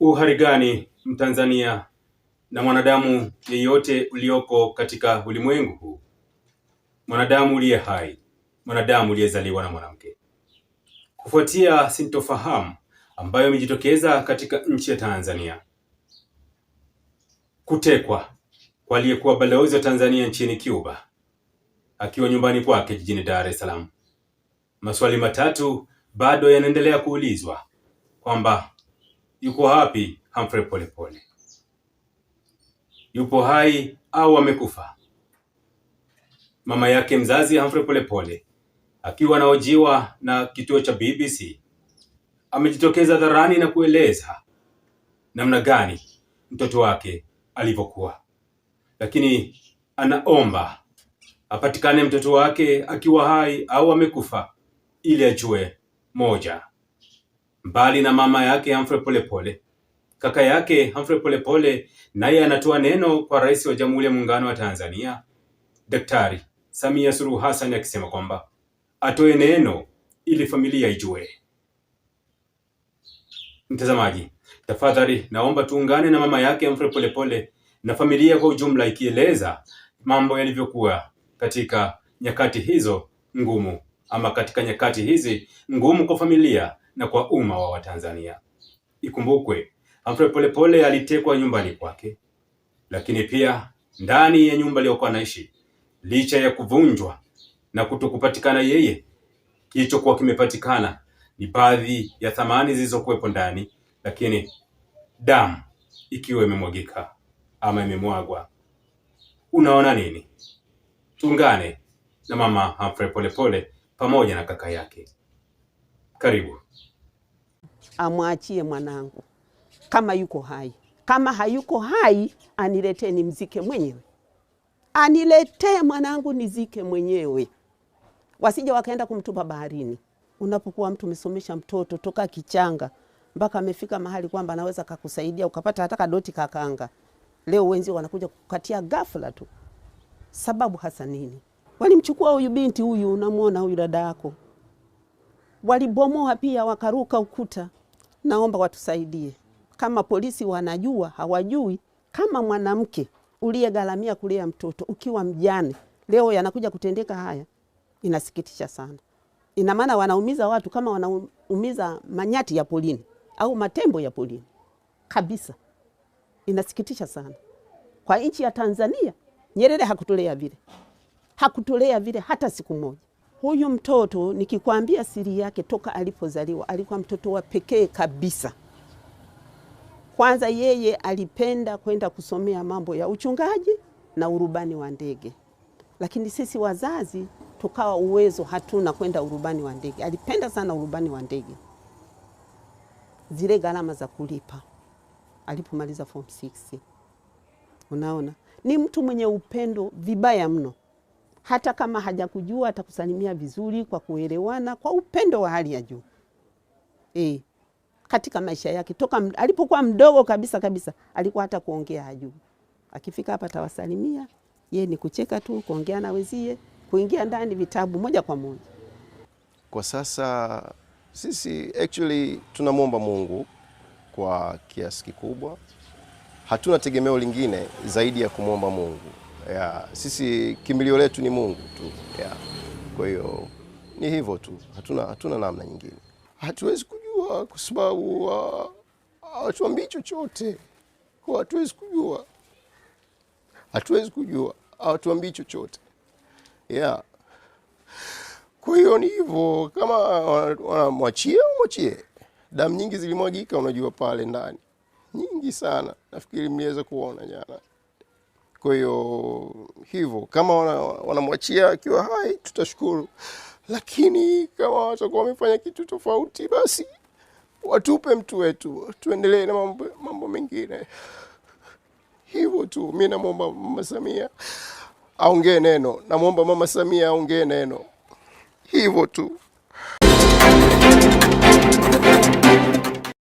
uharigani gani Mtanzania na mwanadamu yeyote ulioko katika ulimwengu huu, mwanadamu uliye hai, mwanadamu uliyezaliwa na mwanamke. Kufuatia sintofahamu ambayo imejitokeza katika nchi ya Tanzania, kutekwa kwa aliyekuwa balozi wa Tanzania nchini Cuba akiwa nyumbani kwake jijini Dar es Salaam, maswali matatu bado yanaendelea kuulizwa kwamba yuko wapi Humphrey Polepole? Yupo hai au amekufa? Mama yake mzazi Humphrey Polepole akiwa anaojiwa na kituo cha BBC amejitokeza hadharani na kueleza namna gani mtoto wake alivyokuwa, lakini anaomba apatikane mtoto wake akiwa hai au amekufa ili ajue moja Mbali na mama yake Humphrey Polepole, kaka yake Humphrey Polepole naye anatoa neno kwa Rais wa Jamhuri ya Muungano wa Tanzania Daktari Samia Suluhu Hassan akisema kwamba atoe neno ili familia ijue. Mtazamaji, tafadhali naomba tuungane na mama yake Humphrey Polepole na familia kwa ujumla ikieleza mambo yalivyokuwa katika nyakati hizo ngumu ama katika nyakati hizi ngumu kwa familia na kwa umma wa Watanzania. Ikumbukwe, Humphrey Polepole alitekwa nyumbani kwake, lakini pia ndani ya nyumba aliyokuwa anaishi, licha ya kuvunjwa na kutokupatikana yeye, kilichokuwa kimepatikana ni baadhi ya thamani zilizokuwepo ndani, lakini damu ikiwa imemwagika ama imemwagwa. Unaona nini? Tuungane na mama Humphrey Polepole pamoja na kaka yake. Karibu amwachie mwanangu kama yuko hai. Kama hayuko hai, aniletee nimzike mwenyewe, aniletee mwanangu nizike mwenyewe, wasije wakaenda kumtupa baharini. Unapokuwa mtu umesomesha mtoto toka kichanga mpaka amefika mahali kwamba anaweza kakusaidia ukapata hata kadoti kakanga, leo wenzi wanakuja kukatia ghafla tu. Sababu hasa nini? Walimchukua huyu binti huyu, unamwona huyu dada yako, walibomoa pia, wakaruka ukuta naomba watusaidie, kama polisi wanajua, hawajui kama mwanamke uliyegharamia kulea mtoto ukiwa mjane leo yanakuja kutendeka haya, inasikitisha sana. Ina maana wanaumiza watu kama wanaumiza manyati ya polini au matembo ya polini kabisa, inasikitisha sana. Kwa nchi ya Tanzania, Nyerere hakutolea vile, hakutolea vile hata siku moja. Huyu mtoto nikikwambia siri yake, toka alipozaliwa alikuwa mtoto wa pekee kabisa. Kwanza yeye alipenda kwenda kusomea mambo ya uchungaji na urubani wa ndege, lakini sisi wazazi tukawa uwezo hatuna kwenda urubani wa ndege. Alipenda sana urubani wa ndege, zile gharama za kulipa alipomaliza form 6. Unaona, ni mtu mwenye upendo vibaya mno hata kama hajakujua atakusalimia vizuri kwa kuelewana, kwa upendo wa hali ya juu e, katika maisha yake toka alipokuwa mdogo kabisa kabisa, alikuwa hata kuongea hajui. Akifika hapa atawasalimia, ye ni kucheka tu, kuongea na wenzie, kuingia ndani vitabu moja kwa moja. Kwa sasa sisi actually tunamwomba Mungu kwa kiasi kikubwa, hatuna tegemeo lingine zaidi ya kumwomba Mungu yeah. Sisi kimbilio letu ni Mungu tu yeah. Kwa hiyo ni hivyo tu, hatuna, hatuna namna nyingine, hatuwezi kujua kwa sababu hawatuambii ah, uh, chochote, hatuwezi kujua, hatuwezi kujua, hawatuambii chochote yeah. Kwa hiyo ni hivyo, kama wanamwachia mwachie. Damu nyingi zilimwagika, unajua pale ndani, nyingi sana. Nafikiri mliweza kuona jana. Kwa hiyo hivyo, kama wanamwachia wana akiwa hai tutashukuru, lakini kama watakuwa wamefanya kitu tofauti, basi watupe mtu wetu, tuendelee na mambo, mambo mengine. Hivyo tu, mi namwomba Mama Samia aongee neno, namwomba Mama Samia aongee neno, hivyo tu.